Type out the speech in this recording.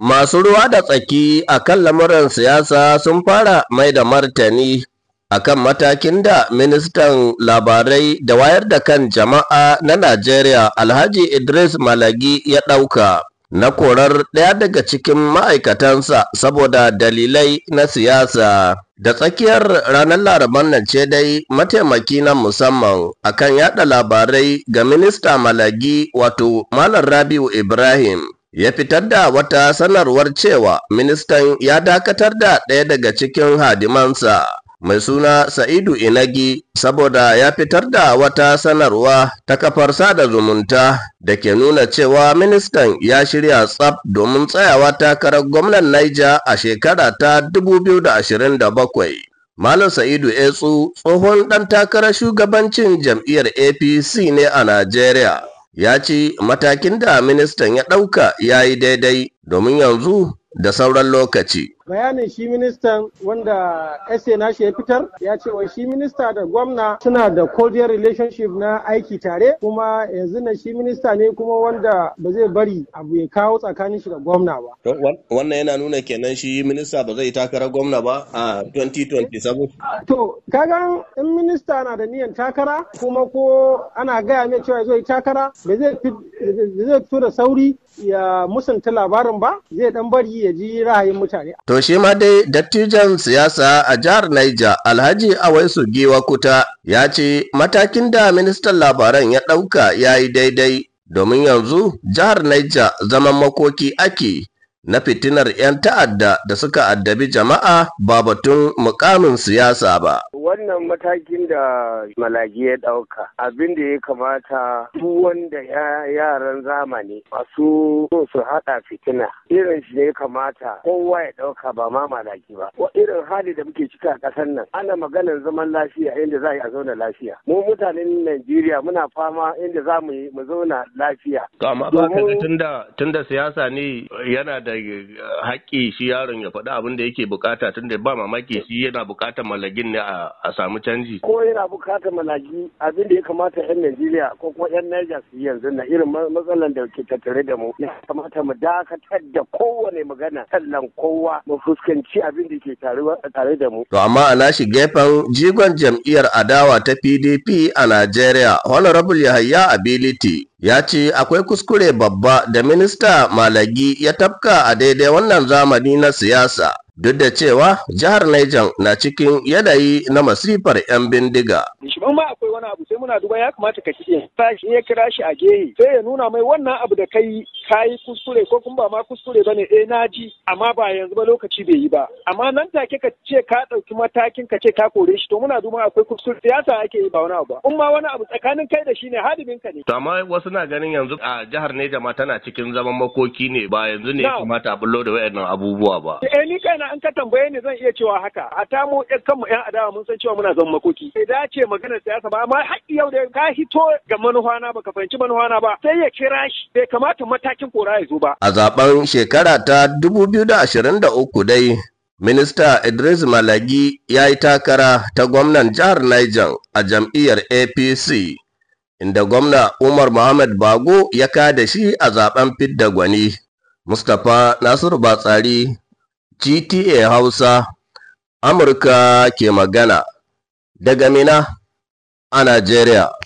Masu ruwa da tsaki a kan lamuran siyasa sun fara mai da martani a kan matakin da ministan labarai da wayar da kan jama'a na Najeriya Alhaji Idris Malagi ya ɗauka na korar ɗaya daga cikin ma'aikatansa saboda dalilai na siyasa. Da tsakiyar ranar laraban nan ce dai mataimaki na musamman akan yada labarai ga minista Malagi wato Malam Rabiu Ibrahim. ya fitar da wata sanarwar cewa ministan ya dakatar da ɗaya daga cikin hadimansa mai suna sa'idu inagi saboda ya fitar da wata sanarwa ta kafar sada zumunta da ke nuna cewa ministan ya shirya tsaf domin tsayawa takarar gwamnan Niger a shekara ta 2027. Malam Sa'idu Etsu tsohon ɗan takarar shugabancin jam'iyyar APC ne a Najeriya. ya ce matakin da ministan ya ɗauka ya yi daidai domin yanzu da sauran lokaci. bayanin shi ministan wanda SA nashi ya fitar ya ce wa shi minista da gwamna suna da cordial relationship na aiki tare kuma yanzu na shi minista ne kuma wanda ba zai bari abu ya kawo tsakanin shi da gwamna ba. Wannan yana nuna kenan shi minista ba zai takara gwamna ba a 2027. To, kaga in minista na da niyan takara kuma ko ana gaya mai cewa zai takara ba zai fito da sauri ya musanta labarin ba zai dan bari ya ji ra'ayin mutane. To Yaushe shi ma dai dattijan siyasa a jihar Niger Alhaji Awaisu Giwa ya ce matakin da ministan labaran ya ɗauka ya yi daidai domin yanzu jihar Niger zaman makoki ake na fitinar 'yan ta'adda da suka addabi jama'a ba batun mukamin siyasa ba. wannan matakin da malagi ya ɗauka abin da ya kamata duk wanda yaran zamani masu so su hada fitina irin shi ne kamata kowa ya ɗauka ba ma malagi ba wa irin hali da muke cika a ƙasar nan ana maganar zaman lafiya inda za a zauna lafiya mu mutanen Najeriya muna fama inda za mu mu zauna lafiya amma ba ka tunda tunda siyasa ne yana da eh, hakki shi yaron ya faɗi abin da yake bukata tunda ba mamaki shi yana bukatar malagin ne a a samu canji. Ko yana bukatar malaki abin da ya kamata 'yan Najeriya ko kuma 'yan Niger su yanzu na irin matsalar da ke tattare da mu. Ya kamata mu dakatar da kowane magana sallan kowa mu fuskanci abin da ke tare da mu. To amma a nashi gefen jigon jam'iyyar adawa ta PDP a Najeriya Honorable Yahaya Ability ya ce akwai kuskure babba da minista Malagi ya tafka a daidai wannan zamani na siyasa. duk da cewa jihar Niger na cikin yanayi na masifar 'yan bindiga. Shimon ma akwai wani abu sai muna duba ya kamata ka Shi ya kira shi a gehe sai ya nuna mai wannan abu da kai ka yi kuskure ko kuma ba ma kuskure ba ne eh na ji amma ba yanzu ba lokaci bai yi ba amma nan take ka ce ka ɗauki matakin ka ce ka kore shi to muna duma akwai kuskure siyasa ake yi ba wani abu ba in ma wani abu tsakanin kai da shi ne hadimin ka ne. to amma wasu na ganin yanzu a jihar Neja ma tana cikin zaman makoki ne ba yanzu ne kuma ta bullo da wayannan abubuwa ba. eh ni kaina an ka tambaye ni zan iya cewa haka a ta mu kanmu yan adawa mun san cewa muna zaman makoki. da ce magana siyasa ba amma har yau da ka hito ga manuhana baka fahimci manuhana ba sai ya kira shi bai kamata mataki sarkin kora ya zo ba. A zaben shekara ta 2023 dai, Minista Idris Malagi ya yi takara ta gwamnan jihar Niger a jam'iyyar APC, inda gwamna Umar Muhammad Bago ya kada shi a zaben fidda gwani. Mustapha Nasiru Batsari, GTA Hausa, Amurka ke magana, daga Mina a Najeriya.